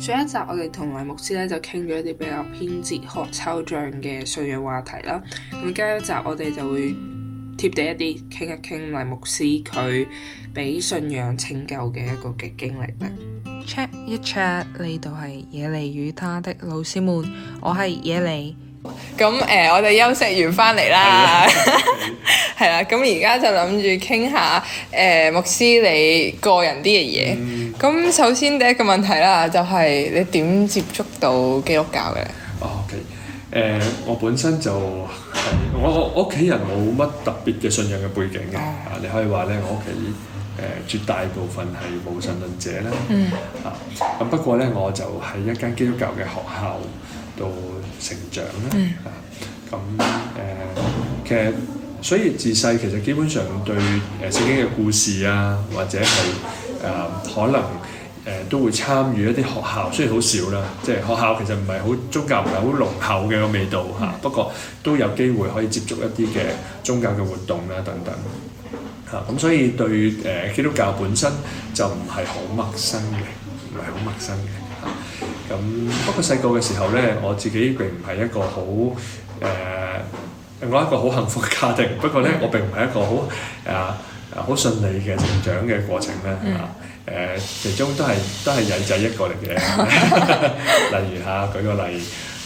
上一集我哋同黎牧師咧就傾咗一啲比較偏哲學抽象嘅信仰話題啦，咁今一集我哋就會貼地一啲傾一傾黎牧師佢俾信仰拯救嘅一個嘅經歷啦。Check 一 check，呢度係野梨與他的老師們，我係野梨。咁誒、呃，我哋休息完翻嚟啦，係啦。咁而家就諗住傾下誒，牧師你個人啲嘅嘢。嗯咁首先第一個問題啦，就係你點接觸到基督教嘅？哦，OK，誒、呃，我本身就係我我屋企人冇乜特別嘅信仰嘅背景嘅，唉啊，你可以話咧，我屋企誒絕大部分係無神論者咧，啊，咁不過咧，我就喺一間基督教嘅學校度成長咧，啊，咁其嘅其實，所以自細其實基本上對誒聖、呃、經嘅故事啊，或者係。誒、呃、可能誒、呃、都會參與一啲學校，雖然好少啦，即係學校其實唔係好宗教唔係好濃厚嘅個味道嚇，嗯、不過都有機會可以接觸一啲嘅宗教嘅活動啦等等嚇，咁、啊、所以對誒、呃、基督教本身就唔係好陌生嘅，唔係好陌生嘅嚇。咁、啊、不過細個嘅時候咧，我自己並唔係一個好誒、呃，我一個好幸福嘅家庭，不過咧我並唔係一個好啊。呃啊，好順利嘅成長嘅過程咧，啊、嗯，誒、呃，其中都係都係曳仔一個嚟嘅， 例如嚇、啊，舉個例，啊、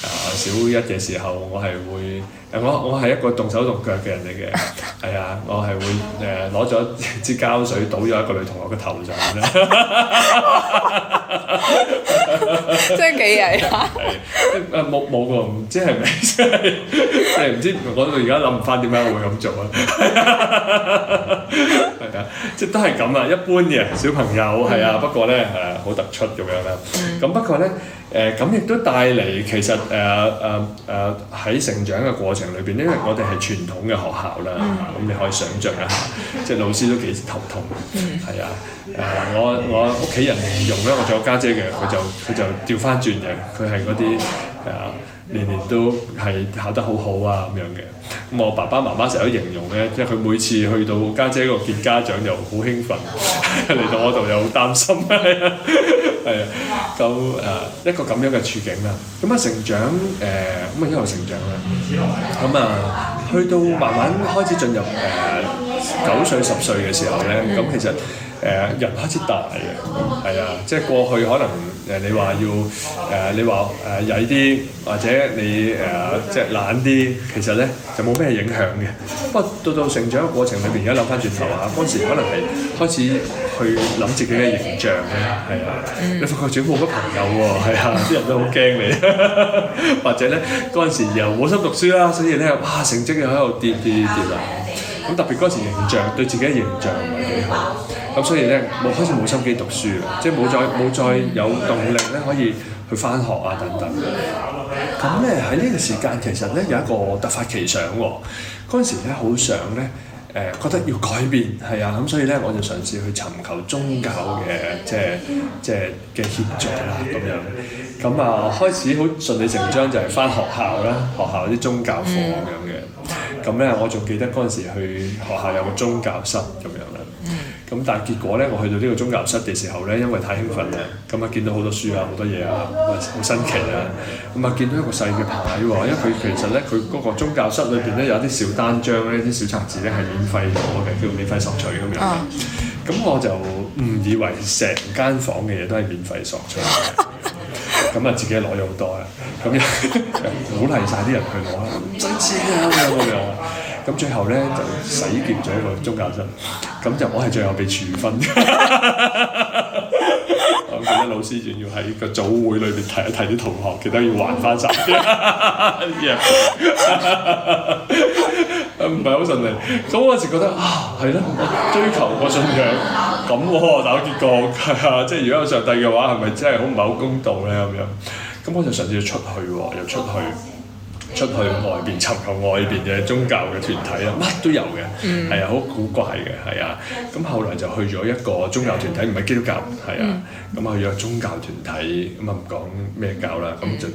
呃，小一嘅時候，我係會，誒、呃，我我係一個動手動腳嘅人嚟嘅，係 啊，我係會誒攞咗一支膠水倒咗一個女同學嘅頭上。 即係幾曳啊！冇冇過，唔知係咪？真係唔知我到而家諗唔翻點解會咁做啊？係啊，即係都係咁啊，一般嘅小朋友係啊，不過咧誒好突出咁樣啦。咁不過咧。誒咁亦都帶嚟，其實誒誒誒喺成長嘅過程裏邊，因為我哋係傳統嘅學校啦，咁、嗯、你可以想像一下，即係老師都幾頭痛，係、嗯、啊誒我我屋企人唔用咧，我做家我有姐嘅，佢就佢就調翻轉嘅，佢係嗰啲誒。呃年年都係考得好好啊咁樣嘅，咁我爸爸媽媽成日都形容咧，即係佢每次去到家姐嗰度見家長又好興奮，嚟 到我度又好擔心，係 啊，咁誒、呃、一個咁樣嘅處境啦。咁啊成長誒咁啊一路成長啦，咁啊去到慢慢開始進入誒九歲十歲嘅時候咧，咁其實。誒人開始大嘅，係啊，即係過去可能誒你話要誒、呃、你話誒曳啲，或者你誒即係懶啲，其實咧就冇咩影響嘅。不過到到成長嘅過程裏邊，而家諗翻轉頭啊，嗰陣時可能係開始去諗自己嘅形象嘅，係啊，你發覺轉過好多朋友喎、哦，啊，啲人都好驚你， 或者咧嗰陣時又冇心讀書啦，所以咧哇成績又喺度跌跌跌跌啊！咁特別嗰時形象對自己嘅形象唔係幾好，咁所以咧冇開始冇心機讀書啦，即係冇再冇再有動力咧可以去翻學啊等等。咁咧喺呢個時間其實咧有一個突發奇想喎，嗰陣時咧好想咧誒覺得要改變係啊，咁所以咧我就嘗試去尋求宗教嘅即係即係嘅協助啦咁樣。咁啊開始好順理成章就係、是、翻學校啦，學校啲宗教課咁樣嘅。嗯咁咧，我仲記得嗰陣時去學校有個宗教室咁樣啦。咁但係結果咧，我去到呢個宗教室嘅時候咧，因為太興奮啦，咁啊、嗯、見到好多書啊，好多嘢啊，好新奇啊，咁啊見到一個細嘅牌喎，因為佢其實咧，佢嗰個宗教室裏邊咧有啲小單張咧，啲小冊子咧係免費攞嘅，叫免費索取咁、啊、樣。咁我就誤以為成間房嘅嘢都係免費索取。啊 咁啊，自己攞咗好多啊，咁樣鼓勵晒啲人去攞啊，唔使錢啊咁樣。咁最後咧就洗劫咗個宗教生。咁就我係最後被處分嘅。。 我記得老師仲要喺個組會裏邊提一提啲同學，其他要還翻晒。唔係好順利，咁我陣時覺得啊，係咯，追求個信仰咁喎，打結局係啊，即係如果有上帝嘅話，係咪真係好唔係好公道咧咁樣？咁我就上次出去喎，又出去。出去外邊尋求外邊嘅宗教嘅團體啦，乜都有嘅，係啊、嗯，好古怪嘅，係啊。咁後來就去咗一個宗教團體，唔係、嗯、基督教，係啊。咁啊，去咗宗教團體咁啊，唔講咩教啦。咁就誒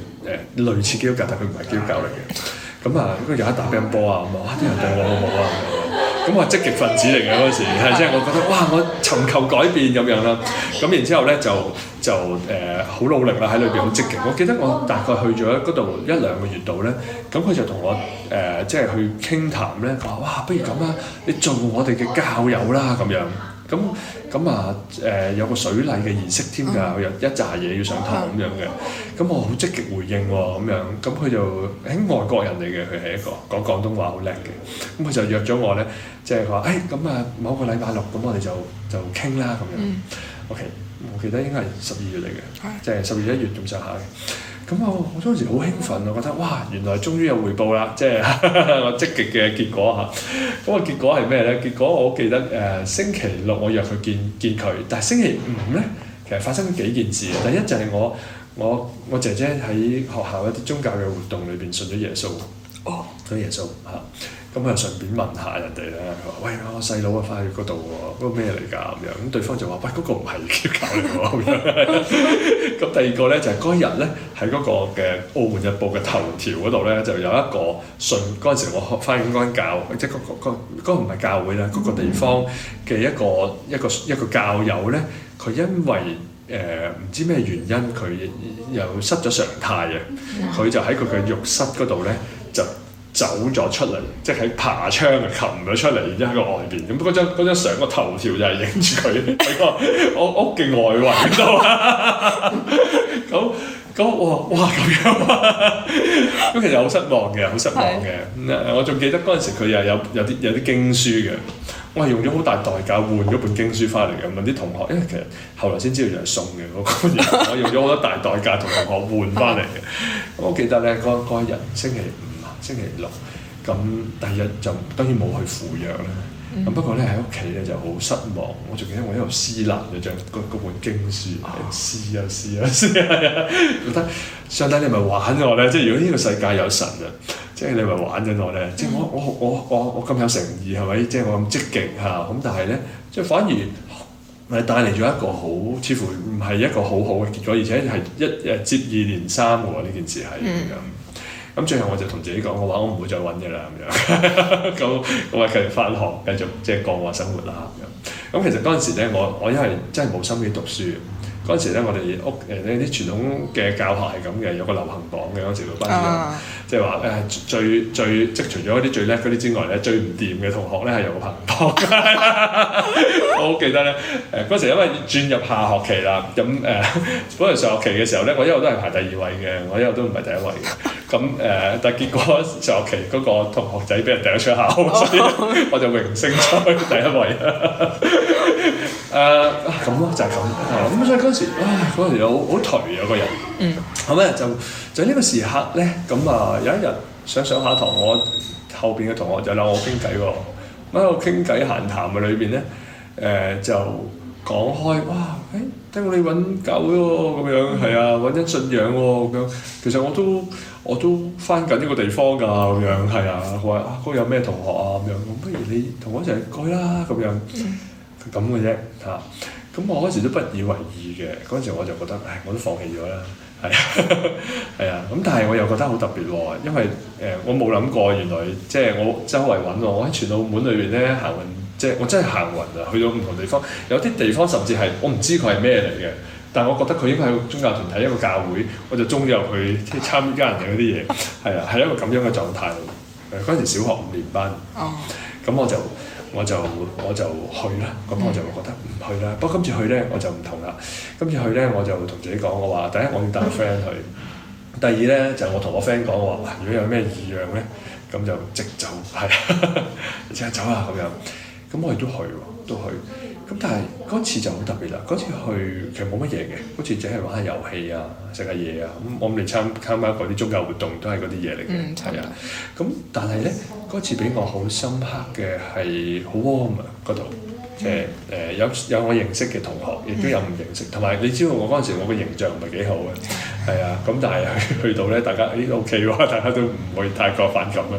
類似基督教，但佢唔係基督教嚟嘅。咁、嗯、啊，嗰有一打乒乓波啊，哇！啲人對我好好啊。咁我係積極分子嚟嘅嗰時，係即係我覺得哇！我尋求改變咁樣啦。咁、啊嗯、然之後咧就。就誒好、呃、努力啦，喺裏邊好積極。我記得我大概去咗嗰度一兩個月度咧，咁佢就同我誒、呃、即係去傾談咧，話哇，不如咁啊，你做我哋嘅教友啦咁樣。咁咁啊誒、呃、有個水禮嘅儀式添㗎，佢有一紮嘢要上堂咁樣嘅。咁我好積極回應喎咁樣。咁佢就係外國人嚟嘅，佢係一個講廣東話好叻嘅。咁佢就約咗我咧，即係話誒咁啊，哎、某個禮拜六咁，我哋就就傾啦咁樣。嗯 O.K. 我記得應該係十二月嚟嘅，即係十二一月咁上下嘅。咁我我當時好興奮啊，我覺得哇原來終於有回報啦，即係 我積極嘅結果嚇。咁、那、啊、個、結果係咩咧？結果我記得誒、呃、星期六我約佢見見佢，但係星期五咧其實發生幾件事。第一就係我我我姐姐喺學校一啲宗教嘅活動裏邊信咗耶穌。哦，信耶穌嚇。嗯咁啊，順便問下人哋咧，喂，我細佬啊，翻去嗰度喎，嗰個咩嚟㗎？咁樣，咁對方就話：喂，嗰個唔係叫教嚟㗎。咁 第二個咧，就係嗰日咧，喺嗰個嘅《澳門日報》嘅頭條嗰度咧，就有一個信。嗰陣時我學翻去教，即係嗰個嗰個唔係教會啦，嗰個地方嘅一個一個一個教友咧，佢因為誒唔知咩原因，佢又失咗常態啊，佢就喺佢嘅浴室嗰度咧就。走咗出嚟，即係喺爬窗啊，擒咗出嚟，然之後喺個外邊咁。嗰張嗰張相個頭條就係影住佢喺個 我屋屋嘅外圍度。咁咁 哇哇咁樣，咁 其實好失望嘅，好失望嘅是。我仲記得嗰陣時佢又有有啲有啲經書嘅，我係用咗好大代價換咗本經書翻嚟嘅。問啲同學，因為其實後來先知道原來送嘅 我用咗好多大代價同同學換翻嚟嘅。 我記得咧，嗰日星期五。星期六，咁第二日就當然冇去赴約啦。咁、嗯、不過咧喺屋企咧就好失望。我仲記得我喺度撕爛嗰張嗰本經書，撕啊撕啊撕啊，覺得、啊啊嗯、 上帝你係咪玩我咧？即係如果呢個世界有神啊，即、就、係、是、你係咪玩緊我咧？即係、嗯、我我我我我咁有誠意係咪？即係、就是、我咁積極嚇咁，但係咧即係反而係帶嚟咗一個好，似乎唔係一個好好嘅結果，而且係一誒接二連三喎、啊、呢件事係咁樣。嗯咁最後我就同自己講我話，我唔會再揾你啦，咁樣咁咁啊，繼續翻學，繼續即係、就是、過活生活啦，咁樣。咁其實嗰陣時呢，我我因為真係冇心機讀書。嗰時咧，我哋屋誒咧啲傳統嘅教學係咁嘅，有個流行榜嘅嗰時、就是，老師、啊呃、即係話誒最最即係除咗啲最叻嗰啲之外咧，最唔掂嘅同學咧係有個排行榜。哈哈 我好記得咧，誒、呃、嗰時因為轉入下學期啦，咁、嗯、誒、呃、本來上學期嘅時候咧，我一路都係排第二位嘅，我一路都唔係第一位嘅。咁誒、呃，但係結果上學期嗰個同學仔俾人掟出校，所以我就榮升咗第一位。呵呵。誒咁咯，呃、就係咁。咁所以嗰陣時，嗰陣時我好頹啊，個人。後屘、嗯、就就呢個時刻咧，咁啊有一日想上下堂，我後邊嘅同學就拉我傾偈喎。咁喺我傾偈閒談嘅裏邊咧，誒、呃、就講開哇，誒、欸、聽到你揾教會喎，咁樣係啊，揾一、嗯啊、信仰喎、啊、咁。其實我都我都翻緊呢個地方㗎，咁樣係啊。佢話啊，嗰、那個、有咩同學啊咁樣，不如你同我一齊去啦咁樣。嗯咁嘅啫嚇，咁、啊、我嗰時都不以為意嘅，嗰陣時我就覺得，唉，我都放棄咗啦，係啊，係啊，咁但係我又覺得好特別喎，因為誒、呃、我冇諗過原來即係、就是、我周圍揾我喺全澳門裏邊咧行運，即、就、係、是、我真係行運啊，去到唔同地方，有啲地方甚至係我唔知佢係咩嚟嘅，但係我覺得佢應該係宗教團體一個教會，我就鍾意入去即係參加人哋嗰啲嘢，係啊，係一個咁樣嘅狀態。誒嗰陣時小學五年班，哦、嗯，咁、嗯、我就。我就我就去啦，咁我就覺得唔去啦。不過今次去咧，我就唔同啦。今次去咧，我就同自己講，我話第一我要帶個 friend 去，第二咧就我同我 friend 講，我話如果有咩異樣咧，咁就即走，啊係即刻走啦咁樣。咁我亦都去喎，都去。咁但係嗰次就好特別啦，嗰次去其實冇乜嘢嘅，嗰次淨係玩下遊戲啊、食下嘢啊，咁、嗯、我哋參參加嗰啲宗教活動都係嗰啲嘢嚟嘅，係、嗯、啊。咁但係咧，嗰次俾我好深刻嘅係好 warm 啊嗰度，誒誒、嗯呃、有有我認識嘅同學，亦都有唔認識，同埋、嗯、你知道我嗰陣時我嘅形象唔係幾好嘅，係、嗯、啊。咁但係去到咧，大家、欸、OK 喎、哦，大家都唔會太過反感啦。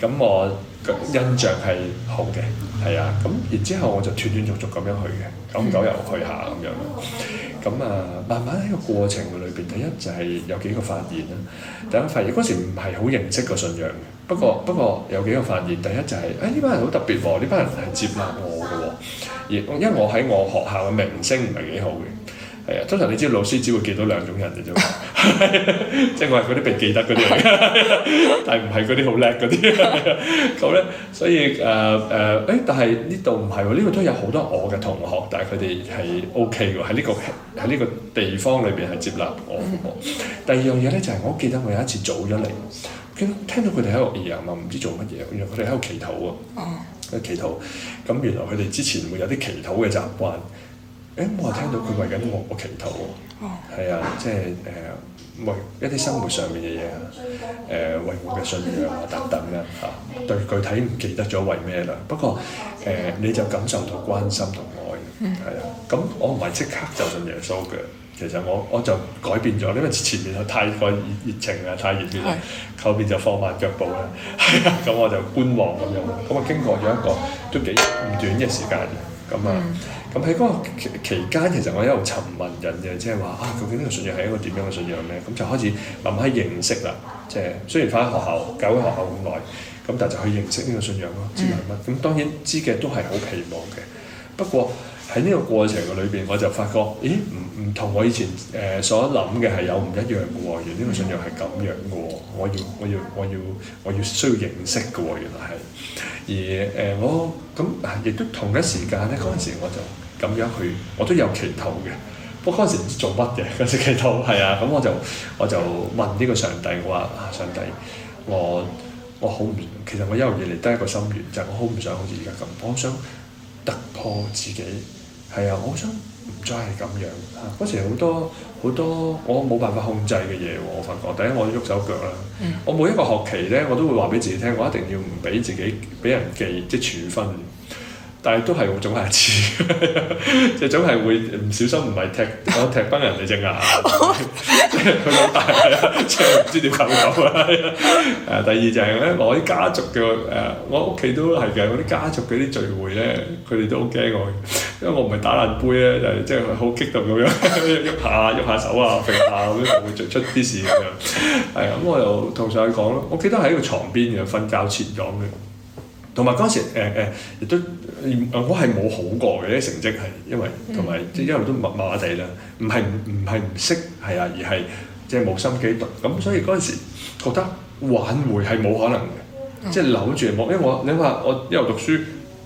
咁、嗯、我印象係好嘅。係啊，咁然之後我就斷斷續續咁樣去嘅，久唔久又去下咁樣。咁啊，慢慢喺個過程嘅裏邊，第一就係有幾個發現啦。第一個發現嗰時唔係好認識個信仰嘅，不過不過有幾個發現，第一就係誒呢班人好特別喎，呢班人係接納我㗎喎，而因為我喺我學校嘅名聲唔係幾好嘅。係啊，通常你知道老師只會記到兩種人嘅啫嘛，即係 我係嗰啲被記得嗰啲，嚟，但係唔係嗰啲好叻嗰啲。咁咧，所以誒誒，誒，但係呢度唔係喎，呢度都有好多我嘅同學，但係佢哋係 OK 喎，喺呢、這個喺呢個地方裏邊係接納我。嗯、第二樣嘢咧就係、是、我記得我有一次早咗嚟，見聽到佢哋喺度嘢啊嘛，唔知做乜嘢，原來佢哋喺度祈禱啊，喺祈禱。咁、嗯、 原來佢哋之前會有啲祈禱嘅習慣。誒、哎，我又聽到佢為緊我，我祈禱喎，係啊，嗯、即係誒為一啲生活上面嘅嘢啊，誒、欸、為我嘅信仰啊等等啦嚇，對具體唔記得咗為咩啦，不過誒、欸、你就感受到關心同愛嘅，係咁、嗯、我唔係即刻就信耶穌嘅，其實我我就改變咗，因為前面太過熱情啦，太熱烈啦，是後邊就放慢腳步啦，係啊，咁我就觀望咁樣，咁啊經過咗一個都幾唔短嘅時間。咁啊，咁喺嗰個期間，其實我一路尋問人嘅，即係話啊，究竟呢個信仰係一個點樣嘅信仰咧？咁就開始慢慢認識啦。即係雖然翻喺學校教會學校咁耐，咁但係就去認識呢個信仰咯，知係乜？咁當然知嘅都係好期望嘅，不過。喺呢個過程嘅裏邊，我就發覺，咦，唔唔同我以前誒、呃、所諗嘅係有唔一樣嘅喎，原來呢個信仰係咁樣嘅喎，我要我要我要我要需要認識嘅喎，原來係而誒、呃、我咁，亦都同一時間咧，嗰陣時我就咁樣去，我都有祈禱嘅，不過嗰陣時唔知做乜嘅，嗰時祈禱係啊，咁、嗯、我就我就問呢個上帝，我話啊上帝，我我好唔，其實我一路以嚟都係一個心願，就係、我好唔想好似而家咁，我好想突破自己。係啊，我好想唔再係咁樣。嗰時好多好多我冇辦法控制嘅嘢喎，我發覺。第一我要喐手腳啦，嗯、我每一個學期咧我都會話俾自己聽，我一定要唔俾自己俾人記即係處分。但係都係， 總係似，即係總係會唔小心，唔係踢， 我踢崩人哋隻牙，即係佢老豆係啊，真係唔知點搞啊！第二就係咧，我啲家族嘅誒，我屋企都係嘅，我啲家族嗰啲聚會咧，佢哋都好驚我，因為我唔係打爛杯咧，就係即係好激動咁樣喐下喐下手啊，揈下咁樣，會著出啲事咁樣。係啊，咁、嗯、我又同上先講咯，我記得喺個床邊嘅瞓覺前講嘅。同埋嗰陣時，誒、呃、亦、呃、都我係冇好過嘅啲成績係，因為同埋即係一路都麻麻地啦，唔係唔係唔識係啊，而係即係冇心機讀，咁、嗯嗯嗯、所以嗰陣時覺得挽回係冇可能嘅，即係、嗯、扭住，因為我你話我一路讀書，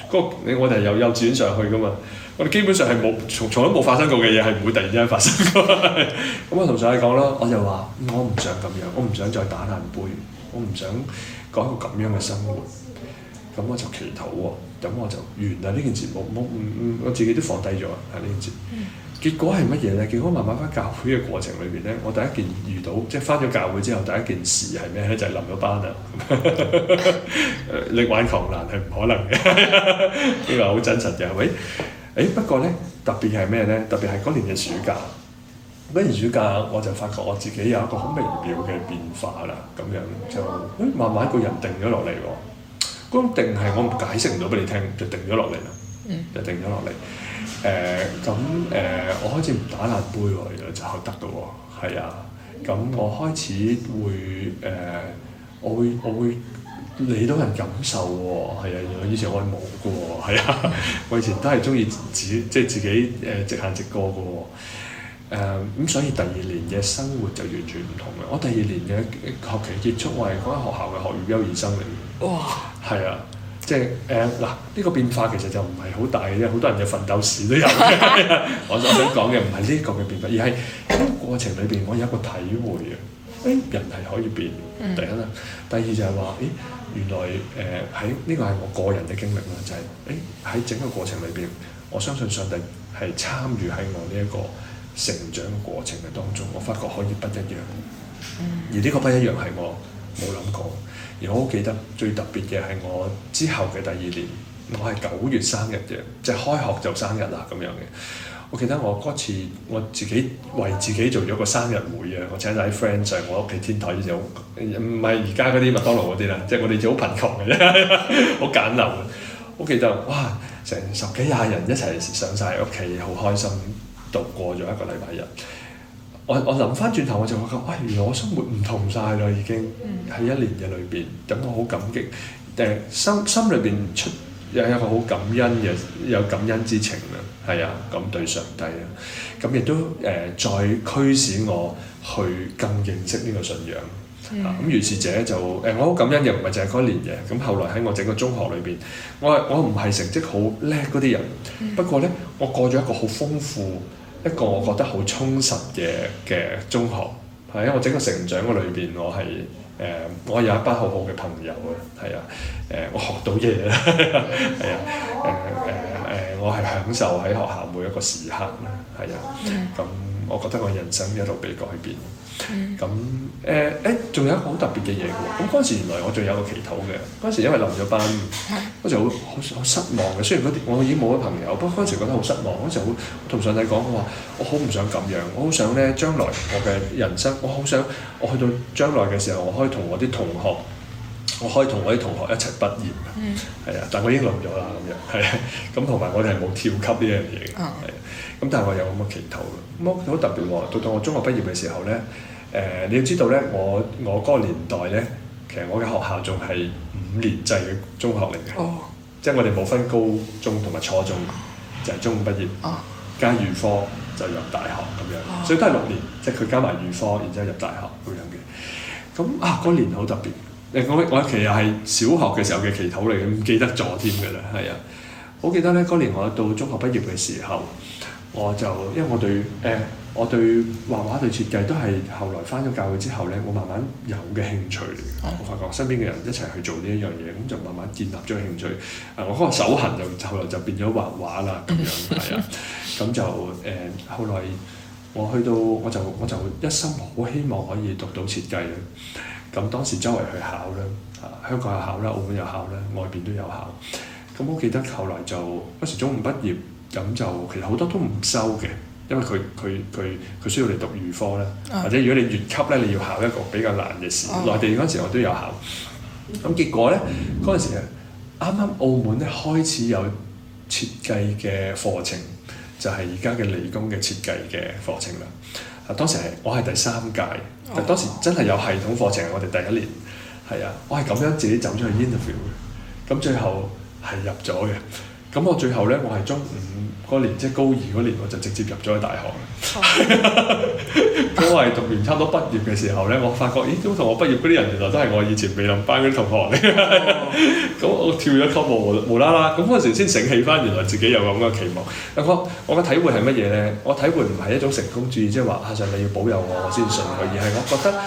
嗰、那、你、個、我哋由幼稚園上去噶嘛，我哋基本上係冇從從都冇發生過嘅嘢係唔會突然之間發生。咁、嗯、我、嗯、同上司講啦，我就話我唔想咁樣，我唔想再打爛杯，我唔想過一個咁樣嘅生活。咁我就祈禱喎，咁我就完啦呢件事，我唔唔我自己都放低咗喺呢件事。結果係乜嘢咧？結果慢慢翻教會嘅過程裏邊咧，我第一件遇到，即係翻咗教會之後第一件事係咩咧？就係冧咗班啊！ 力挽狂瀾係唔可能嘅，呢個好真實嘅，喂？誒、哎、不過咧，特別係咩咧？特別係嗰年嘅暑假，嗰年暑假我就發覺我自己有一個好微妙嘅變化啦，咁樣就、哎、慢慢一個人定咗落嚟喎。嗰定係我解釋唔到俾你聽，就定咗落嚟啦。嗯、就定咗落嚟。誒咁誒，我開始唔打爛杯喎、呃，就得到喎。係啊。咁我開始會誒、呃，我會我會理到人感受喎。係啊、呃，以前我冇嘅。係啊，嗯、 我以前都係中意自即係自己誒、呃、直行直過嘅。呃誒咁、嗯，所以第二年嘅生活就完全唔同啦。我第二年嘅學期結束，我係嗰間學校嘅學業優異生嚟。哇！係啊，即係誒嗱，呢、嗯呢個變化其實就唔係好大嘅，因為好多人嘅奮鬥史都有嘅。 我我想講嘅唔係呢個嘅變化，而係喺過程裏邊，我有一個體會啊。誒人係可以變、嗯、第一啦，第二就係話，誒原來誒喺呢個係我個人嘅經歷啦，就係誒喺整個過程裏邊，我相信上帝係參與喺我呢、呢、一個成長過程嘅當中，我發覺可以不一樣。而呢個不一樣係我冇諗過。而我好記得最特別嘅係我之後嘅第二年，我係九月生日嘅，即係開學就生日啦咁樣嘅。我記得我嗰次我自己為自己做咗個生日會啊！我請咗啲 friend 上我屋企天台有，有唔係而家嗰啲麥當勞嗰啲啦，即係我哋就好貧窮嘅啫，好 簡陋。我記得哇，成十幾廿人一齊上晒屋企，好開心。度過咗一個禮拜日，我我諗翻轉頭，我就發覺，哇！原、哎、來我生活唔同晒啦，已經喺一年嘅裏邊，等我好感激，誒、呃、心心裏邊出有一個好感恩嘅，有感恩之情啦，係啊，咁對上帝啊，咁亦都誒、呃、再驅使我去更認識呢個信仰。啊咁如是者就誒，我好感恩，又唔係淨係嗰年嘅。咁後來喺我整個中學裏邊，我我唔係成績好叻嗰啲人，嗯、不過咧，我過咗一個好豐富、一個我覺得好充實嘅嘅中學，係因、啊、我整個成長嘅裏邊，我係誒、呃、我有一班好好嘅朋友嘅，係啊誒、呃、我學到嘢啦，係 啊誒誒誒，我係享受喺學校每一個時刻啦，係啊咁。嗯嗯。我覺得我人生一路被改變，咁誒誒，仲、欸、有一個好特別嘅嘢嘅喎。咁嗰陣時原來我仲有個祈禱嘅，嗰陣時因為臨咗班，嗰陣時好好好失望嘅。雖然嗰啲我已經冇咗朋友，不過嗰陣時覺得好失望。嗰陣時好同上帝講，我話我好唔想咁樣，我好想咧將來我嘅人生，我好想我去到將來嘅時候，我可以同我啲同學，我可以同我啲同學一齊畢業，係啊、嗯，但我已經老咗啦，咁樣係啊。咁同埋我哋係冇跳級呢樣嘢嘅，係咁，但係我有咁嘅祈禱。咁好特別喎！到到我中學畢業嘅時候咧，誒、呃，你要知道咧，我我嗰個年代咧，其實我嘅學校仲係五年制嘅中學嚟嘅，即係、哦、我哋冇分高中同埋初中，啊、就係中五畢業、啊、加預科就入大學咁樣，啊、所以都係六年，即係佢加埋預科，然之後入大學咁樣嘅。咁啊，嗰、那個、年好特別。那個誒我我其實係小學嘅時候嘅祈禱嚟嘅，唔記得咗添㗎喇，係啊，我記得咧嗰年我到中學畢業嘅時候，我就因為我對誒、欸、我對畫畫對設計都係後來返咗教會之後咧，我慢慢有嘅興趣。我發覺身邊嘅人一齊去做呢一樣嘢，咁就慢慢建立咗興趣。誒、呃、我嗰個手痕就後來就變咗畫畫啦，咁樣係啊，咁就誒、欸、後來我去到我就我就一心好希望可以讀到設計嘅。咁當時周圍去考啦，啊香港又考啦，澳門又考啦，外邊都有考。咁我記得後來就嗰時中五畢業，咁就其實好多都唔收嘅，因為佢佢佢佢需要你讀預科啦。或者如果你越級咧，你要考一個比較難嘅試。啊、內地嗰陣時我都有考，咁結果咧嗰陣時啱啱澳門咧開始有設計嘅課程，就係而家嘅理工嘅設計嘅課程啦。啊！當時係我係第三屆，但當時真係有系統課程，我哋第一年係啊，我係咁樣自己走咗去 interview 嘅，咁最後係入咗嘅。咁我最後咧，我係中五嗰年，即係高二嗰年，我就直接入咗去大學。都係、哦、 讀完差唔多畢業嘅時候咧，我發覺咦，都同我畢業嗰啲人原來都係我以前未冧班嗰啲同學嚟。咁 我跳咗級無無啦啦，咁嗰陣時先醒起返，原來自己有咁嘅期望。我我嘅體會係乜嘢咧？我體會唔係一種成功主義，即係話阿上帝要保佑我，我先信佢。而係我覺得誒、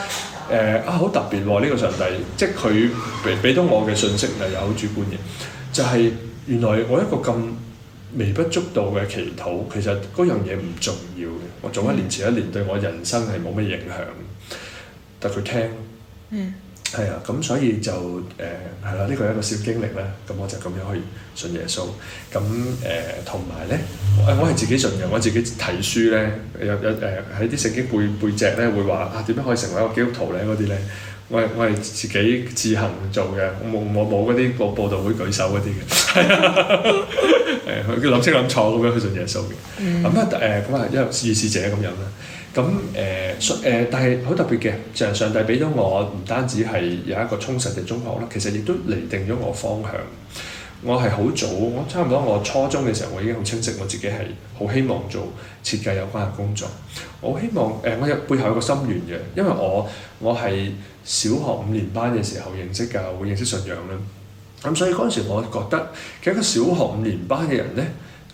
呃、啊，好特別喎、哦！呢、這個上帝即係佢俾俾到我嘅信息係又好主觀嘅，就係、是、原來我一個咁，微不足道嘅祈禱，其實嗰樣嘢唔重要嘅。我做一年前一年對我人生係冇咩影響，但佢聽，嗯，係啊，咁所以就誒係啦，呢個係一個小經歷啦。咁我就咁樣去信耶穌。咁誒同埋咧，我係自己信嘅，我自己睇書咧，有有誒喺啲聖經背背脊咧會話啊，點樣可以成為一個基督徒咧？嗰啲咧。我係我係自己自行做嘅，冇冇冇嗰啲個報道會舉手嗰啲嘅，係 啊，誒佢諗清諗楚咁樣去信耶穌嘅。咁啊誒咁啊係一個遇事者咁樣啦，咁誒誒但係好特別嘅，就係上帝俾咗我唔單止係有一個充實嘅中學啦，其實亦都釐定咗我方向。我係好早，我差唔多我初中嘅時候，我已經好清晰我自己係好希望做設計有關嘅工作。我希望誒、呃，我有背後有個心願嘅，因為我我係小學五年班嘅時候認識㗎，會認識信仰咧。咁、嗯、所以嗰陣時，我覺得其實一個小學五年班嘅人咧，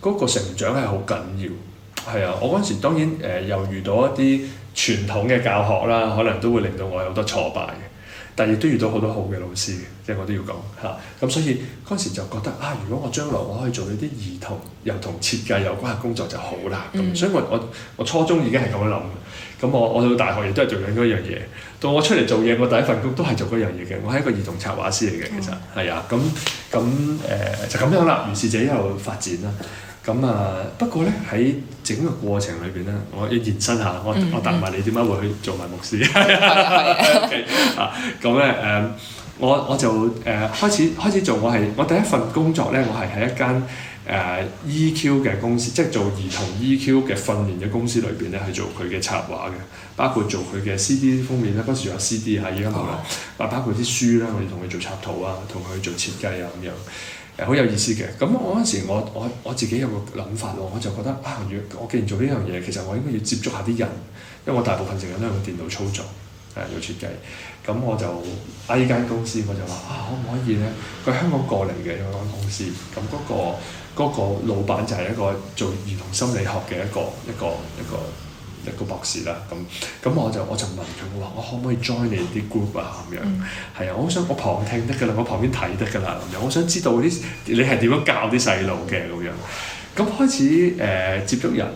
嗰、那個成長係好緊要。係啊，我嗰陣時當然誒、呃、又遇到一啲傳統嘅教學啦，可能都會令到我有好多挫敗嘅。但亦都遇到好多好嘅老師，即係我都要講吓。咁、啊、所以嗰時就覺得啊，如果我將來我可以做呢啲兒童又同設計有關嘅工作就好啦。咁、嗯、所以我我我初中已經係咁樣諗，咁我我到大學亦都係做緊嗰樣嘢。到我出嚟做嘢，我第一份工都係做嗰樣嘢嘅。我係一個兒童策劃師嚟嘅，嗯、其實係啊。咁咁誒就咁樣啦，如是者一路發展啦。咁啊，不過咧喺整個過程裏邊咧，我要延伸下，我嗯嗯我答埋你點解會去做埋牧師 啊？咁咧誒，我我就誒、呃、開始開始做我，我係我第一份工作咧，我係喺一間誒、呃、EQ 嘅公司，即、就、係、是、做兒童 EQ 嘅訓練嘅公司裏邊咧，去做佢嘅插畫嘅，包括做佢嘅 CD 嘅封面咧，嗰時仲有 CD 嚇，而家冇啦，啊包括啲書啦，我哋同佢做插圖啊，同佢做設計啊咁樣。誒好有意思嘅，咁我嗰陣時我我我自己有個諗法囉，我就覺得啊，我既然做呢樣嘢，其實我應該要接觸下啲人，因為我大部分時間都係用電腦操作，誒、啊，做設計，咁我就啊呢間公司我就話啊，可唔可以咧？佢香港過嚟嘅有間公司，咁嗰、啊嗰個嗰、嗰個老闆就係一個做兒童心理學嘅一個一個一個，一個一個一個一個博士啦，咁咁我就我就問佢話：我可唔可以 join 你啲 group 啊？咁樣係啊、嗯，我好想我旁聽得噶啦，我旁邊睇得噶啦咁樣。我想知道啲你係點樣教啲細路嘅咁樣。咁開始誒、呃、接觸人。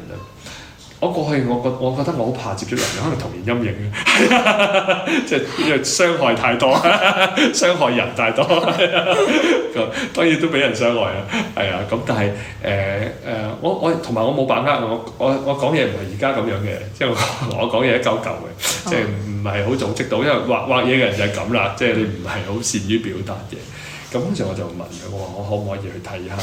我過去我覺我覺得我好怕接觸人，可能童年陰影嘅，即 係傷害太多， 傷害人太多。 當然都俾人傷害啦，係啊。咁但係誒誒，我我同埋我冇把握，我我我講嘢唔係而家咁樣嘅，即係我講嘢一嚿嚿嘅，即係唔係好組織到。因為畫畫嘢嘅人就係咁啦，即係你唔係好善於表達嘅。咁通常我就問佢話：我，我可唔可以去睇下？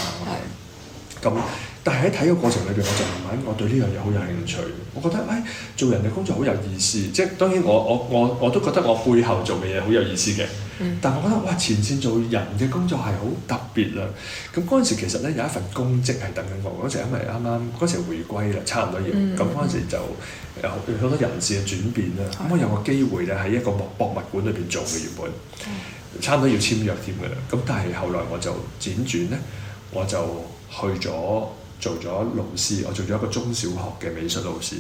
咁的。但係喺睇嘅過程裏邊，我就慢慢我對呢樣嘢好有興趣。我覺得誒、哎，做人嘅工作好有意思。即係當然我，我我我我都覺得我背後做嘅嘢好有意思嘅。嗯、但我覺得哇，前線做人嘅工作係好特別啊！咁嗰陣時其實咧有一份公職係等緊我嗰陣時，因為啱啱嗰時回歸啦，差唔多要，咁嗰陣時就有好、嗯、多人事嘅轉變啦。咁、嗯、我有個機會咧喺一個博博物館裏邊做嘅原本，嗯、差唔多要簽約添嘅。咁但係後來我就輾轉咧，我就去咗。做咗老師，我做咗一個中小學嘅美術老師。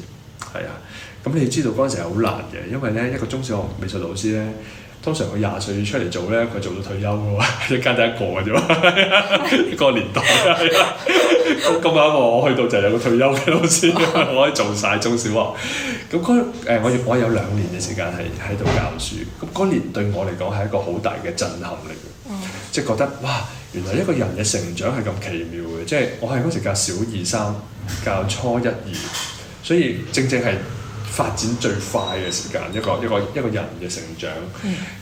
係啊。咁、嗯、你知道嗰陣時係好難嘅，因為咧一個中小學美術老師咧。通常佢廿歲出嚟做咧，佢做到退休咯喎，一間得一個嘅啫嘛，個 年代咁啱 我去到就有個退休嘅老師， 我可以做晒中小學。咁嗰我我有兩年嘅時間係喺度教書，咁、那、嗰、個、年對我嚟講係一個好大嘅震撼力，嗯、即係覺得哇，原來一個人嘅成長係咁奇妙嘅，即係我係嗰時教小二三，教初一二，所以正正係發展最快嘅時間，一個一個一個人嘅成長，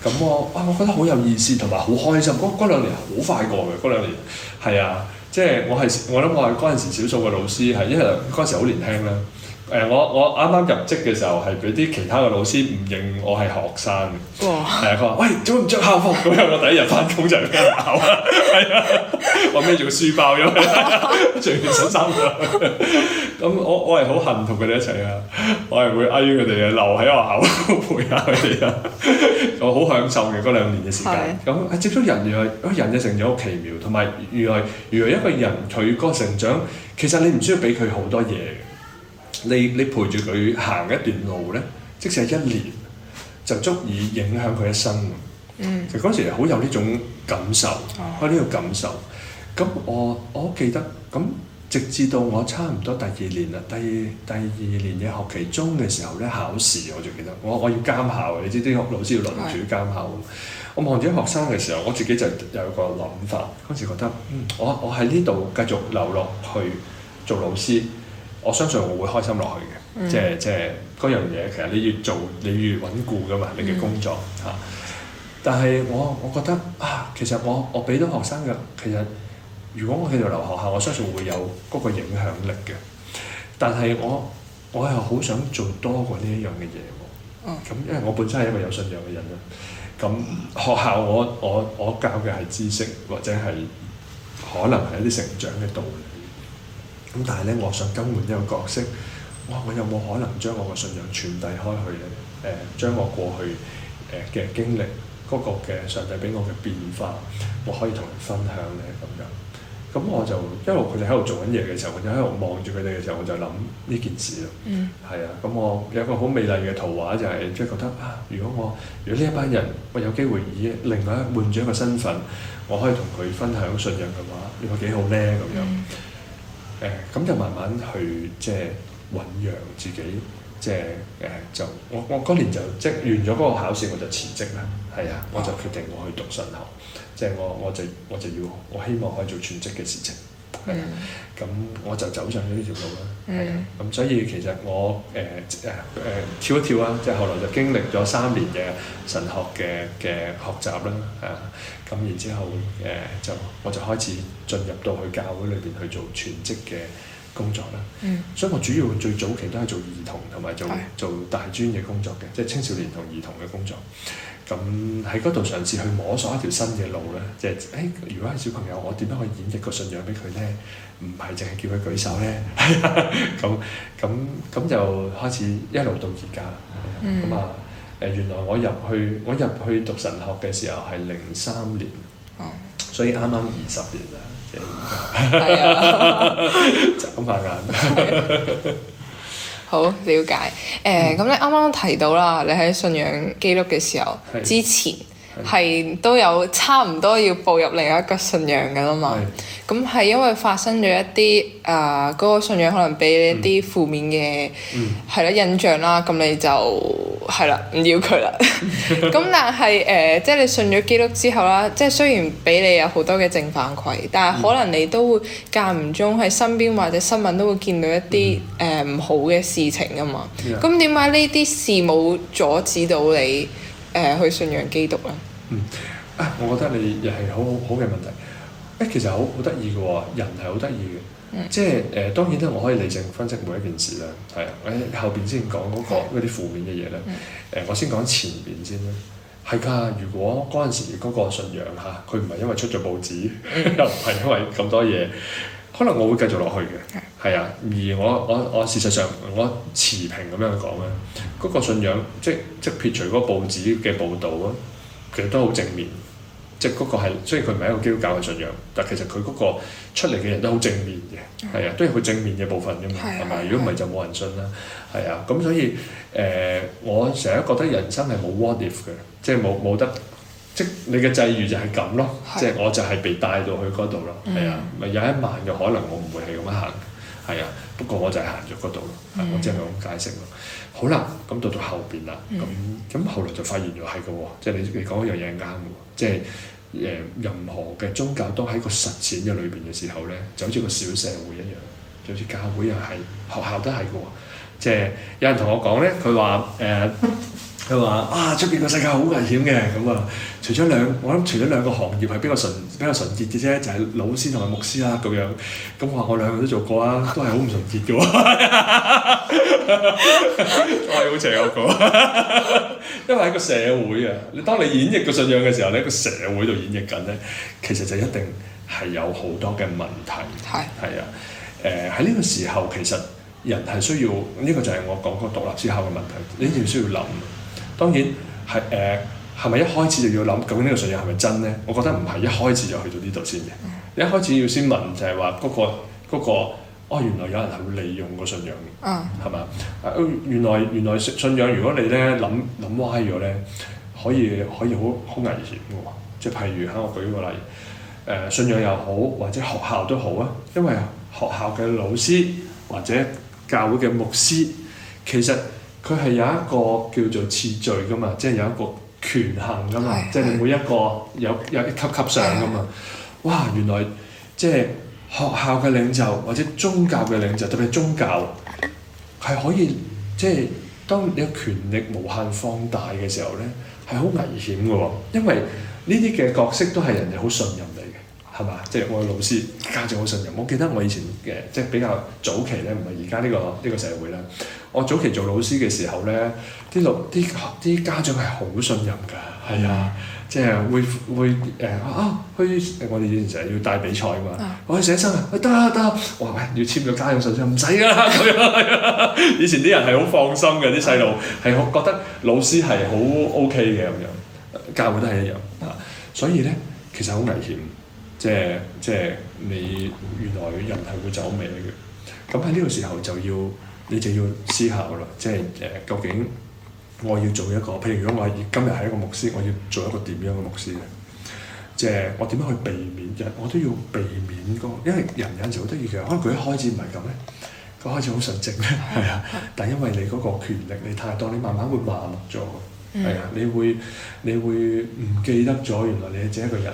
咁、嗯、我啊，我覺得好有意思，同埋好開心。嗰兩年好快過嘅，嗰兩年係啊，即、就、係、是、我係我諗我係嗰陣時少數嘅老師，係、啊、因為嗰陣時好年輕啦。誒、呃、我我啱啱入職嘅時候係俾啲其他嘅老師唔認我係學生嘅，係佢話：喂，做乜唔著校服？咁樣 我第一日翻工就喺間學校，係啊，孭住個書包咁樣，着件恤衫。咁我我係好恨同佢哋一齊啊，嗯、我係會蝨佢哋啊，留喺學校陪下佢哋啊，我好享受嘅嗰兩年嘅時間。咁是的、嗯、接觸人原來，人嘅成長好奇妙，同埋原來原來一個人佢個成長，其實你唔需要俾佢好多嘢嘅。你你陪住佢行一段路咧，即使係一年，就足以影響佢一生。嗯、其實嗰時好有呢種感受，喺呢個感受。咁我我記得，咁直至到我差唔多第二年啦，第二第二年嘅學期中嘅時候咧，考試我仲記得，我我要監考，你知啲老師要輪住監考。嗯、我望住啲學生嘅時候，我自己就有一個諗法。嗰時覺得，嗯，我我喺呢度繼續留落去做老師。我相信我會開心落去嘅，嗯、即係即係嗰樣嘢。其實你越做，你越穩固㗎嘛，你嘅工作吓。嗯、但係我我覺得啊，其實我我俾到學生嘅，其實如果我繼續留學校，我相信會有嗰個影響力嘅。但係我我又好想做多過呢一樣嘅嘢。哦、嗯，咁因為我本身係一個有信仰嘅人啦。咁、嗯嗯、學校我我我教嘅係知識，或者係可能係一啲成長嘅道理。咁但係咧，我想更換一個角色，我我有冇可能將我嘅信仰傳遞開去咧？誒、呃，將我過去誒嘅、呃、經歷，嗰、嗰個嘅上帝俾我嘅變化，我可以同佢分享咧咁樣。咁我就一路佢哋喺度做緊嘢嘅時候，我就喺度望住佢哋嘅時候，我就諗呢件事咯。嗯。係啊，咁我有一個好美麗嘅圖畫，就係，就係即係覺得啊，如果我如果呢一班人，我有機會以另外換咗一個身份，我可以同佢分享信仰嘅話，呢個幾好咧咁樣。嗯誒咁、嗯、就慢慢去即係醞釀自己，即係誒，就,是嗯、就我我嗰年就即、就是、完咗嗰個考試，我就辭職啦，係哇啊，我就決定我去讀神學，即、就、係、是、我我就我就要我希望可以做全職嘅事情。係啊，咁、mm hmm. 我就走上咗呢條路啦。係啊、mm，咁、hmm. 所以其實我誒誒誒跳一跳啊，即係後來就經歷咗三年嘅神學嘅嘅學習啦。啊，咁然之後誒、呃、就我就開始進入到去教會裏邊去做全職嘅工作啦。嗯、mm，hmm. 所以我主要最早期都係做兒童同埋做、mm hmm. 做大專嘅工作嘅，即係、mm hmm. 青少年同兒童嘅工作。咁喺嗰度嘗試去摸索一條新嘅路咧，即係誒，如果係小朋友，我點樣去演繹個信仰俾佢咧？唔係淨係叫佢舉手咧，咁咁咁就開始一路到而家。咁啊誒，原來我入去我入去讀神學嘅時候係零三年，所以啱啱二十年啦，即係眨下眼。嗯嗯 好了解，誒、呃、咁、嗯、你啱啱提到啦，你喺信仰基督嘅時候的之前。係都有差唔多要步入另一個信仰㗎啦嘛，咁係是因為發生咗一啲誒嗰個信仰可能俾你啲負面嘅係啦印象啦，咁你就係啦唔要佢啦。咁 但係誒、呃，即係你信咗基督之後啦，即係雖然俾你有好多嘅正反饋，但係可能你都會間唔中喺身邊或者新聞都會見到一啲誒唔好嘅事情㗎嘛。咁點解呢啲事冇阻止到你？誒去信仰基督啦。嗯啊，我覺得你又係好好嘅問題。誒、欸，其實好好得意嘅喎，人係好得意嘅。嗯、即係誒、呃，當然咧，我可以理性分析每一件事啦。係啊，我、哎、後邊先講嗰個嗰啲負面嘅嘢咧。誒、嗯呃，我先講前面先啦。係㗎，如果嗰陣時嗰個信仰嚇佢唔係因為出咗報紙，又唔係因為咁多嘢，可能我會繼續落去嘅。嗯。係啊，而我我我事實上我持平咁樣去講咧，嗰個信仰即即撇除嗰個報紙嘅報導咯，其實都好正面，即嗰個係雖然佢唔係一個基督教嘅信仰，但其實佢嗰個出嚟嘅人都好正面嘅，係啊，都係好正面嘅部分啫嘛。係咪？如果唔係就冇人信啦。係啊，咁所以誒，我成日覺得人生係冇 what if 嘅 ev，即係冇冇得即你嘅際遇就係咁咯。即係我就係被帶到去嗰度咯。係啊，咪有一萬嘅可能，我唔會係咁樣行。係啊，不過我就係行咗嗰度咯，我即係咁解釋咯。好啦，咁到到後邊啦，咁咁、mm hmm. 後來就發現咗，係嘅喎，即係你你講一樣嘢啱喎，即係誒、呃、任何嘅宗教都喺個實踐嘅裏邊嘅時候咧，就好似個小社會一樣，就好似教會又係學校都係嘅喎，即係有人同我講咧，佢話誒。呃 佢話：啊，出邊個世界好危險嘅咁啊！除咗兩，我諗除咗兩個行業係比較純比較純潔嘅啫，就係老師同埋牧師啦。咁樣咁，我我兩個都做過啊，都係好唔純潔嘅喎。我係好邪惡嘅， 因為喺個社會啊，你當你演繹個信仰嘅時候咧，你喺個社會度演繹緊咧，其實就一定係有好多嘅問題。係啊，誒喺呢個時候，其實人係需要呢個就係我講個獨立思考嘅問題，你一定要需要諗。當然係誒，係咪、呃、一開始就要諗究竟呢個信仰係咪真咧？我覺得唔係一開始就去到呢度先嘅。嗯、你一開始要先問就係話嗰個、嗰個、哦，原來有人係會利用個信仰嘅，係嘛、嗯啊？原來原來信仰如果你咧諗諗歪咗咧，可以可以好好危險嘅喎。即係譬如喺我舉個例誒、呃，信仰又好或者學校都好啊，因為學校嘅老師或者教會嘅牧師其實。佢係有一個叫做次序噶嘛，即係有一個權限噶嘛，哎、即係你每一個有有一級級上噶嘛。哇！原來即係學校嘅領袖或者宗教嘅領袖，特別係宗教係可以即係當你嘅權力無限放大嘅時候咧，係好危險㗎喎，因為呢啲嘅角色都係人哋好信任。係嘛？即係、 就是、我老師家長好信任。我記得我以前嘅即係比較早期咧，唔係而家呢個呢、呢個社會啦。我早期做老師嘅時候咧，啲老啲啲家長係好信任㗎。係啊，即係、嗯、會會誒啊去我哋以前成日要帶比賽㗎嘛。嗯、我去寫生啊，得啦得。哇喂，要簽個家長信唔使㗎啦。咁樣、啊啊啊啊啊、以前啲人係好放心嘅，啲細路係覺得老師係好 OK 嘅咁樣，教會都係一樣、啊、所以咧，其實好危險。即係即係你原來人係會走歪嘅，咁喺呢個時候就要你就要思考啦。即係誒，究竟我要做一個，譬如如果我今日係一個牧師，我要做一個點樣嘅牧師咧？即係我點樣去避免？即我都要避免嗰、嗰個，因為人，人有陣時好得意嘅，可能佢一開始唔係咁咧，佢開始好純正咧，係啊。但係因為你嗰個權力你太多，你慢慢會麻木咗，係啊、嗯，你會你會唔記得咗原來你係只一個人，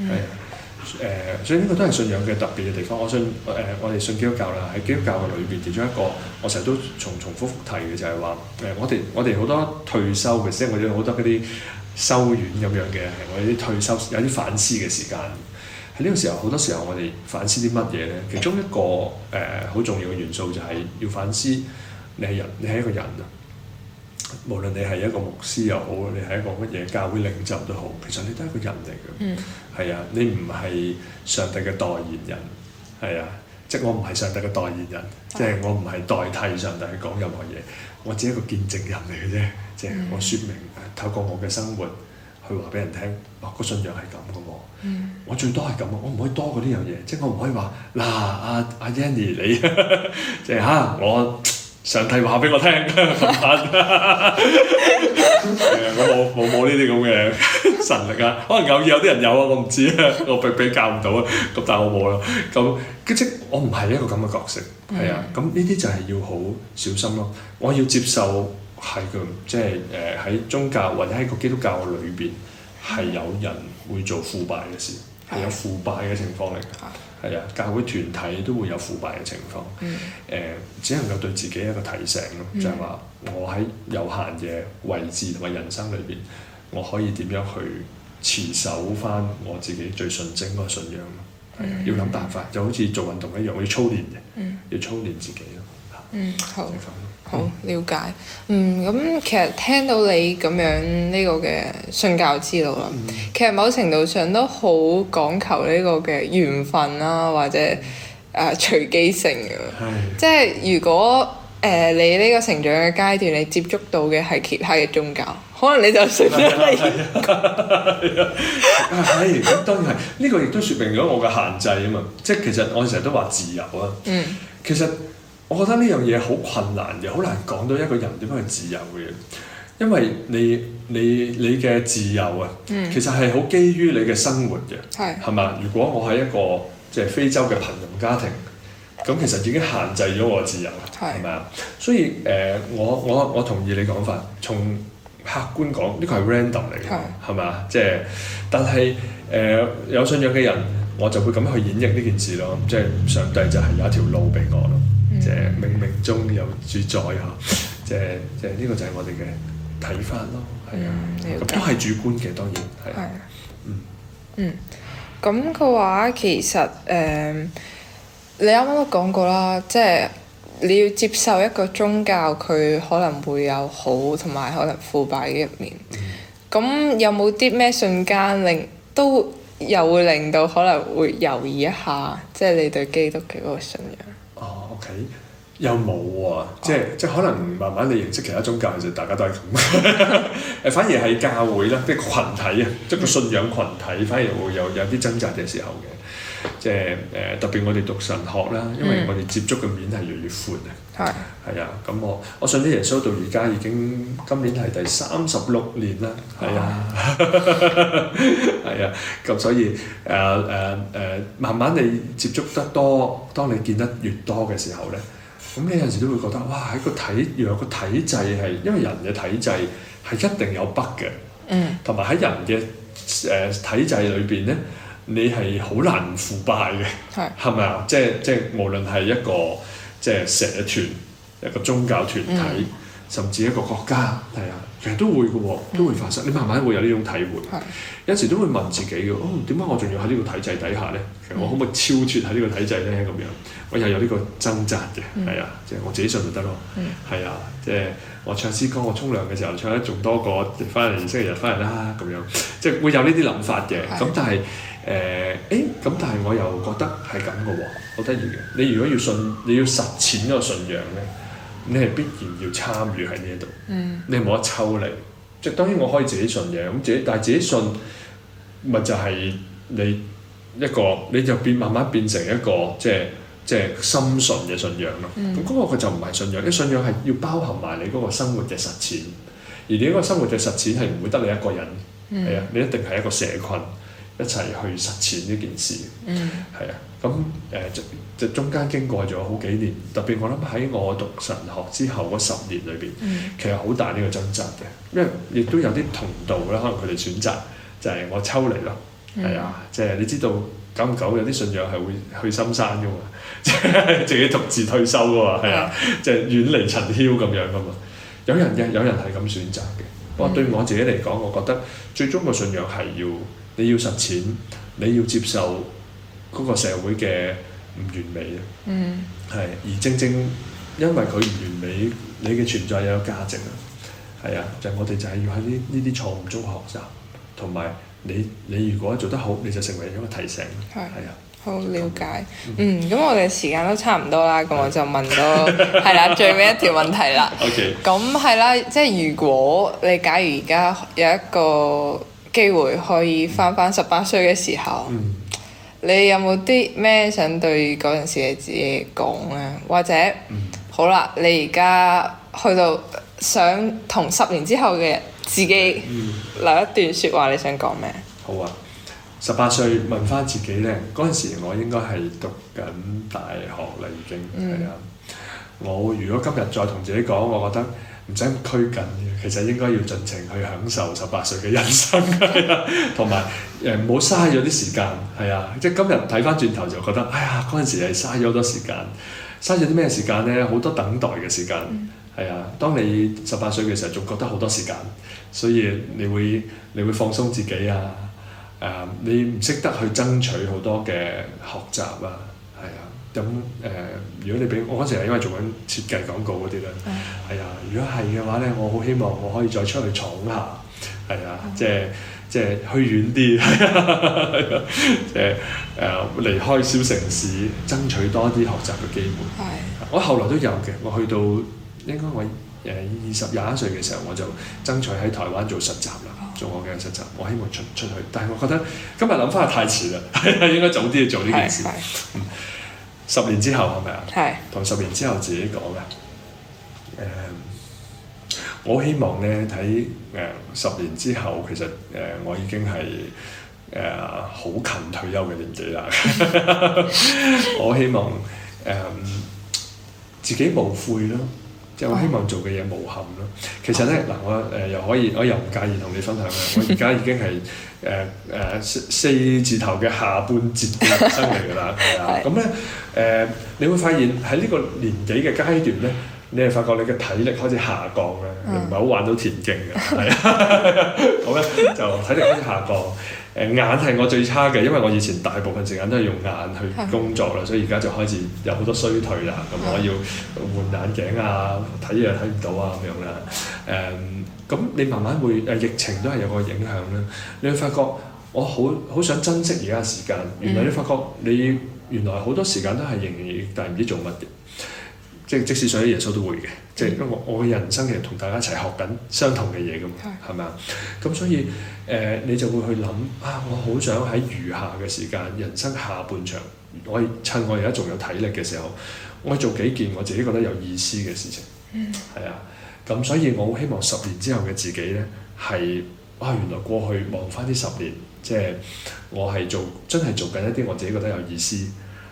係啊。嗯誒、呃，所以呢個都係信仰嘅特別嘅地方。我信誒、呃，我哋信基督教啦。喺基督教嘅裏邊，其中一個我成日都重重複複提嘅就係話，誒、呃，我哋我哋好多退休，即係我哋好多嗰啲修院咁樣嘅，我有啲退休有啲反思嘅時間。喺呢個時候，好多時候我哋反思啲乜嘢咧？其中一個誒，好重要嘅元素就係要反思你係人，你係一個人啊。無論你係一個牧師又好，你係一個乜嘢教會領袖都好，其實你都係一個人嚟嘅。係、嗯、啊，你唔係上帝嘅代言人，係啊，即係我唔係上帝嘅代言人，即係我唔係代替上帝去講任何嘢，我只係一個見證人嚟嘅啫，即係我説明、嗯、透過我嘅生活去話俾人聽，話個信仰係咁嘅喎。嗯、我最多係咁，我唔可以多過呢樣嘢，即係我唔可以話嗱，阿阿 Yanni，你，即係嚇我。上帝話俾我聽咁樣，係啊，我冇冇冇呢啲咁嘅神力啊，可能偶爾有有啲人有啊，我唔知啊，我比比較唔到啊，咁但係我冇咯，咁即我唔係一個咁嘅角色，係啊，咁呢啲就係要好小心咯，我要接受係佢即係誒喺宗教或者喺個基督教裏邊係有人會做腐敗嘅事，係有腐敗嘅情況嚟嘅。係啊，教會團體都會有腐敗嘅情況。誒、嗯呃，只能夠對自己一個提醒咯，嗯、就係話我喺有限嘅位置同埋人生裏邊，我可以點樣去持守翻我自己最純正嗰個信仰？係啊、嗯，要諗辦法，就好似做運動一樣，我要操練嘅，嗯、要操練自己咯。嗯，好。好了解，嗯，咁其實聽到你咁樣呢個嘅信教之路啦，嗯、其實某程度上都好講求呢個嘅緣分啦、啊，或者誒、呃、隨機性嘅，的即係如果誒、呃、你呢個成長嘅階段，你接觸到嘅係其他嘅宗教，可能你就信咗呢邊，咁當然係，呢個亦都説明咗我嘅限制啊嘛，即係其實我成日都話自由啊，嗯，其實。我覺得呢樣嘢好困難嘅，好難講到一個人點樣去自由嘅，因為你你你嘅自由啊，其實係好基於你嘅生活嘅，係嘛、嗯？如果我係一個即係非洲嘅貧窮家庭，咁其實已經限制咗我自由啦，係咪啊？所以誒、呃，我我我同意你講法，從客觀講，呢個係 random 嚟嘅，係嘛是？即係、就是，但係誒、呃、有信仰嘅人，我就會咁樣去演繹呢件事咯，即係上帝就係、是就是、有一條路俾我咯。即係冥冥中有主宰嗬，即係即係呢個就係我哋嘅睇法咯，係啊，嗯、都係主觀嘅，當然係，係啊，嗯，嗯，咁嘅話其實誒、呃，你啱啱都講過啦，即係你要接受一個宗教，佢可能會有好同埋可能腐敗嘅一面。咁、嗯、有冇啲咩瞬間令都又會令到可能會猶豫一下，即係你對基督嘅嗰個信仰？睇又冇喎、啊，即係即係可能慢慢你認識其他宗教，其實大家都係咁。誒，反而係教會啦，即係群體啊，即係個信仰群體，反而會又有啲掙扎嘅時候嘅。即係誒、呃，特別我哋讀神學啦，因為我哋接觸嘅面係越嚟越寬啊。係。嗯係啊，咁我我信啲耶穌到而家已經今年係第三十六年啦。係啊， 係啊，咁所以誒誒誒，uh, uh, uh, 慢慢你接觸得多，當你見得越多嘅時候咧，咁你有陣時都會覺得哇，喺個體有個體制係，因為人嘅體制係一定有不嘅，嗯，同埋喺人嘅誒、uh, 體制裏邊咧，你係好難腐敗嘅，係係咪啊？即係即係無論係一個即係社團。一個宗教團體，嗯、甚至一個國家，係啊，其實都會嘅，嗯、都會發生。你慢慢會有呢種體會，是的 有時都會問自己嘅，哦、點解我仲要喺呢個體制底下咧？其實我可唔可以超脫喺呢個體制咧？咁樣我又有呢個掙扎嘅，係啊、嗯，即係我自己信就得咯，係啊、嗯，即係、就是、我唱詩歌，我沖涼嘅時候唱得仲多過翻嚟星期日翻嚟啦咁樣，即係會有呢啲諗法嘅。咁是的 但係誒，誒、呃、咁、欸、但係我又覺得係咁嘅喎，好得意嘅。你如果要信，你要實踐呢個信仰咧。你係必然要參與喺呢一度，嗯、你係冇得抽離。即係當然，我可以自己信仰，咁自己，但係自己信咪就係、是、你一個，你就變慢慢變成一個即係即係深信嘅信仰咯。咁嗰個佢就唔係信仰，啲、嗯、信仰係要包含埋你嗰個生活嘅實踐，而你嗰個生活嘅實踐係唔會得你一個人，係啊、嗯，你一定係一個社群一齊去實踐呢件事。係啊、嗯，咁誒即。就中間經過咗好幾年，特別我諗喺我讀神學之後嗰十年裏邊，嗯、其實好大呢個掙扎嘅，因為亦都有啲同道咧，可能佢哋選擇就係、是、我抽離咯，係、嗯、啊，即、就、係、是、你知道久唔久有啲信仰係會去深山噶嘛，即 係自己獨自退休噶嘛，係啊，即係遠離塵囂咁樣噶嘛。有人嘅，有人係咁選擇嘅，不過對我自己嚟講，我覺得最終個信仰係要你要實踐，你要接受嗰個社會嘅。唔完美嘅、嗯，嗯，係而正正因為佢唔完美，你嘅存在又有價值啊，係啊，就係、我哋就係要喺呢呢啲錯誤中學習，同埋你你如果做得好，你就成為一個提醒，係是，係啊，好了解。嗯，咁、嗯、我哋時間都差唔多啦，咁我就問多，係啦、 啊，最尾一條問題啦 ，OK，咁係啦，即係如果你假如而家有一個機會可以翻翻十八歲嘅時候，嗯你有冇啲咩想對嗰陣時嘅自己講咧？或者、嗯、好啦，你而家去到想同十年之後嘅自己、嗯、留一段説話，你想講咩？好啊，十八歲問翻自己咧，嗰陣時我應該係讀緊大學啦，已經係、嗯、啊！我如果今日再同自己講，我覺得。唔使咁拘謹嘅，其實應該要盡情去享受十八歲嘅人生，同埋唔好嘥咗啲時間，係啊，即係今日睇翻轉頭就覺得，哎呀，嗰陣時係嘥咗好多時間，嘥咗啲咩時間呢？好多等待嘅時間，係啊。當你十八歲嘅時候，仲覺得好多時間，所以你會你會放鬆自己啊，誒，啊，你唔識得去爭取好多嘅學習啊。咁誒、嗯，如果你俾我嗰時係因為做緊設計廣告嗰啲咧，係、嗯、啊，如果係嘅話咧，我好希望我可以再出去闖下，係啊，即係即係去遠啲，誒 誒、啊，離開小城市，爭取多啲學習嘅機會。係、嗯，我後來都有嘅，我去到應該我誒二十廿一歲嘅時候，我就爭取喺台灣做實習啦，嗯、做我嘅實習。我希望出出去，但係我覺得今日諗翻係太遲啦，嗯、 應該早啲去做呢件事。 十年之後係咪啊？同是十年之後自己講嘅，誒、呃，我希望咧，睇誒十年之後，其實誒、呃、我已經係誒好近退休嘅年紀啦。 我希望誒、呃、自己無悔咯。即係我希望做嘅嘢無憾咯。其實咧，嗱、啊、我誒、呃、又可以，我又唔介意同你分享嘅。 我而家已經係誒誒四字頭嘅下半截嘅人生嚟㗎啦。係啊， 咁咧誒，你會發現喺呢個年紀嘅階段咧，你係發覺你嘅體力開始下降喇，唔係好玩到田徑㗎。係啊，咁咧 就體力開始下降。眼係我最差嘅，因為我以前大部分時間都係用眼去工作啦，的所以而家就開始有好多衰退啦。咁的我要換眼鏡啊，睇嘢又睇唔到啊，咁樣啦。誒、um, 咁你慢慢會誒疫情都係有個影響啦。你會發覺我好好想珍惜而家時間，原來你發覺你原來好多時間都係營營役役，但係唔知做乜嘢。即即使上咗耶穌都會嘅。即係因為我嘅人生其實同大家一齊學緊相同嘅嘢噶嘛，係咪啊？咁所以誒、嗯呃，你就會去諗啊，我好想喺餘下嘅時間，人生下半場，我趁我而家仲有體力嘅時候，我去做幾件我自己覺得有意思嘅事情。嗯，係啊。咁所以，我好希望十年之後嘅自己咧，係啊，原來過去望返啲十年，即、就、係、是、我係做真係做緊一啲我自己覺得有意思，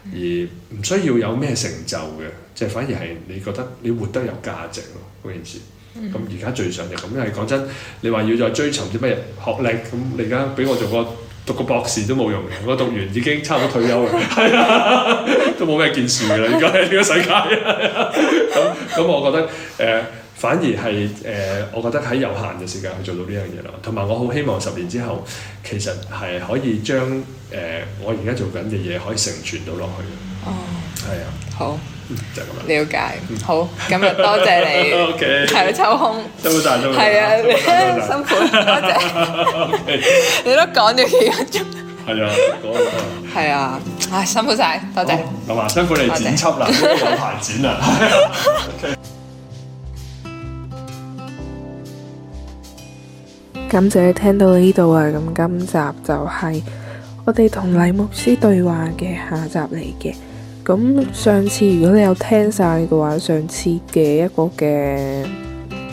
嗯、而唔需要有咩成就嘅。即係反而係你覺得你活得有價值咯，嗰件事。咁而家最想就咁，因為講真，你話要再追尋啲乜嘢學歷，咁你而家俾我做個讀個博士都冇用，嘅。我讀完已經差唔多退休啦。係 啊，都冇咩件事啦。而家係呢個世界？咁咁、啊呃呃，我覺得誒，反而係誒，我覺得喺有限嘅時間去做到呢樣嘢咯。同埋我好希望十年之後，其實係可以將誒、呃、我而家做緊嘅嘢可以承傳到落去。哦，係啊，好。了解，好，今日多謝你，係去抽空，辛苦晒，辛係啊，辛苦，多謝，你都講咗幾分鐘，係啊，係啊，唉，辛苦晒，多謝，同埋辛苦你剪輯啦，兩排剪啊，咁就聽到呢度啊，咁今集就係我哋同黎牧師對話嘅下集嚟嘅。咁上次如果你有聽晒嘅話，上次嘅一個嘅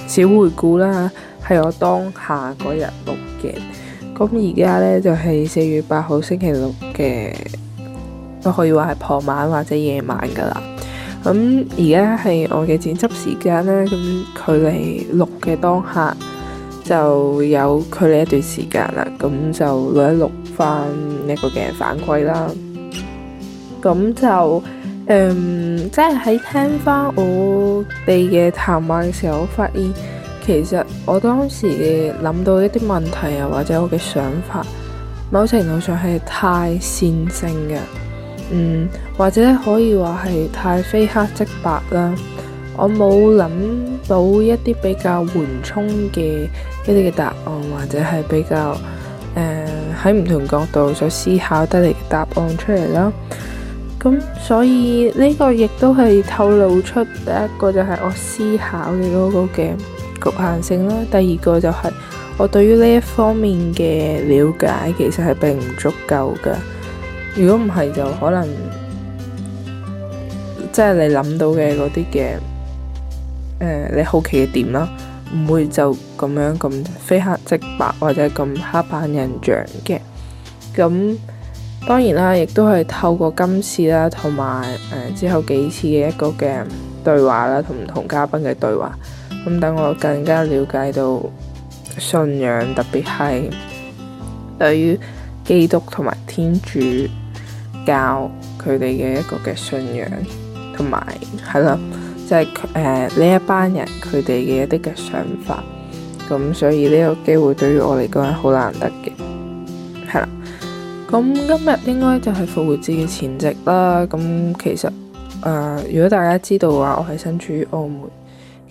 小回顧啦，係我當下嗰，就是，日錄嘅。咁而家咧就係四月八號星期六嘅，可以話係傍晚或者夜晚噶啦。咁而家係我嘅剪輯時間啦，咁距離錄嘅當下就有距離一段時間啦。咁就錄一錄翻一個嘅反饋啦。咁就誒、嗯，即係喺聽翻我哋嘅談話嘅時候，我發現其實我當時嘅諗到一啲問題啊，或者我嘅想法，某程度上係太線性嘅，嗯，或者可以話係太非黑即白啦。我冇諗到一啲比較緩衝嘅一啲嘅答案，或者係比較誒喺唔同角度所思考得嚟嘅答案出嚟咯。咁所以呢個亦都係透露出第一個就係我思考嘅嗰個嘅局限性啦，第二個就係我對於呢一方面嘅了解其實係並唔足夠㗎。如果唔係就可能即係、就是、你諗到嘅嗰啲嘅誒你好奇嘅點啦，唔會就咁樣咁非黑即白或者咁刻板印象嘅咁。當然啦，亦都係透過今次啦，同埋誒之後幾次嘅一個嘅對話啦，同唔同嘉賓嘅對話，咁等我更加了解到信仰，特別係對於基督同埋天主教佢哋嘅一個嘅信仰，同埋係喇，即係誒呢一班人佢哋嘅一啲嘅想法。咁所以呢個機會對於我嚟講係好難得嘅。咁今日應該就係復活節嘅前夕啦。咁其實誒、呃，如果大家知道嘅話，我係身處於澳門。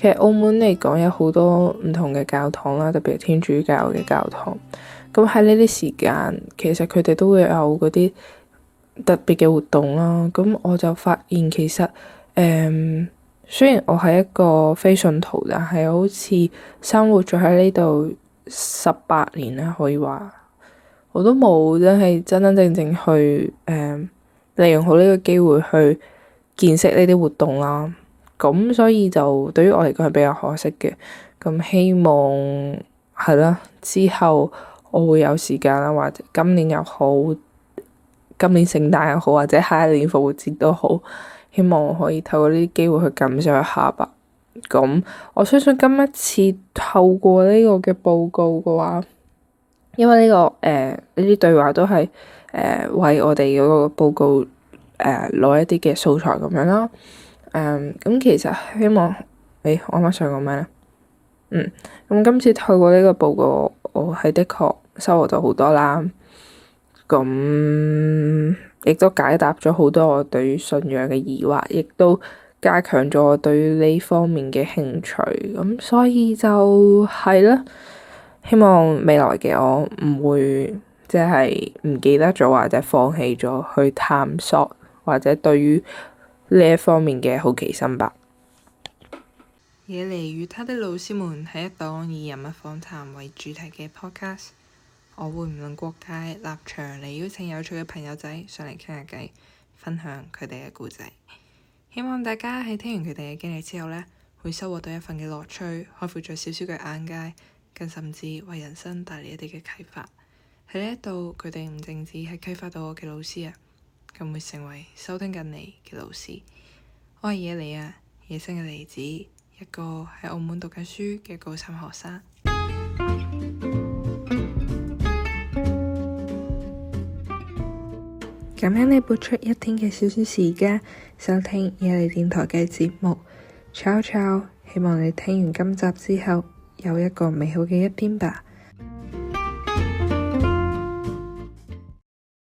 其實澳門嚟講有好多唔同嘅教堂啦，特別係天主教嘅教堂。咁喺呢啲時間，其實佢哋都會有嗰啲特別嘅活動啦。咁我就發現其實誒、嗯，雖然我係一個非信徒，但係好似生活咗喺呢度十八年啦，可以話。我都冇真係真真正正去誒、嗯、利用好呢個機會去見識呢啲活動啦，咁所以就對於我嚟講，係比較可惜嘅。咁希望係啦，之後我會有時間啦，或者今年又好，今年聖誕又好，或者下一年復活節都好，希望可以透過呢啲機會去感受一下吧。咁我相信今一次透過呢個嘅報告嘅話。因為呢、這個誒呢啲對話都係誒、呃、為我哋嗰個報告誒攞、呃、一啲嘅素材咁樣啦、呃。嗯，咁其實希望誒、哎、我啱啱想講咩咧？嗯、咁、嗯、今次透過呢個報告，我係的確收穫咗好多啦。咁、嗯、亦都解答咗好多我對於信仰嘅疑惑，亦都加強咗我對於呢方面嘅興趣。咁、嗯、所以就係、是、啦。嗯希望未來嘅我唔會即係唔記得咗，或者放棄咗去探索或者對於呢一方面嘅好奇心吧。野梨與他的老師們係一檔以人物訪談為主題嘅 podcast。我會唔論國界立場嚟邀請有趣嘅朋友仔上嚟傾下偈，分享佢哋嘅故仔。希望大家喺聽完佢哋嘅經歷之後咧，會收穫到一份嘅樂趣，開闊咗少少嘅眼界。更甚至為人生帶嚟一啲嘅啟發。喺呢一度，佢哋唔淨止係啟發到我嘅老師啊，更會成為收聽緊你嘅老師。我係野梨啊，野生嘅梨子，一個喺澳門讀緊書嘅高三學生。感恩你撥出一天嘅少少時間收聽野梨電台嘅節目，Ciao ciao。希望你聽完今集之後。有一個美好嘅一天吧。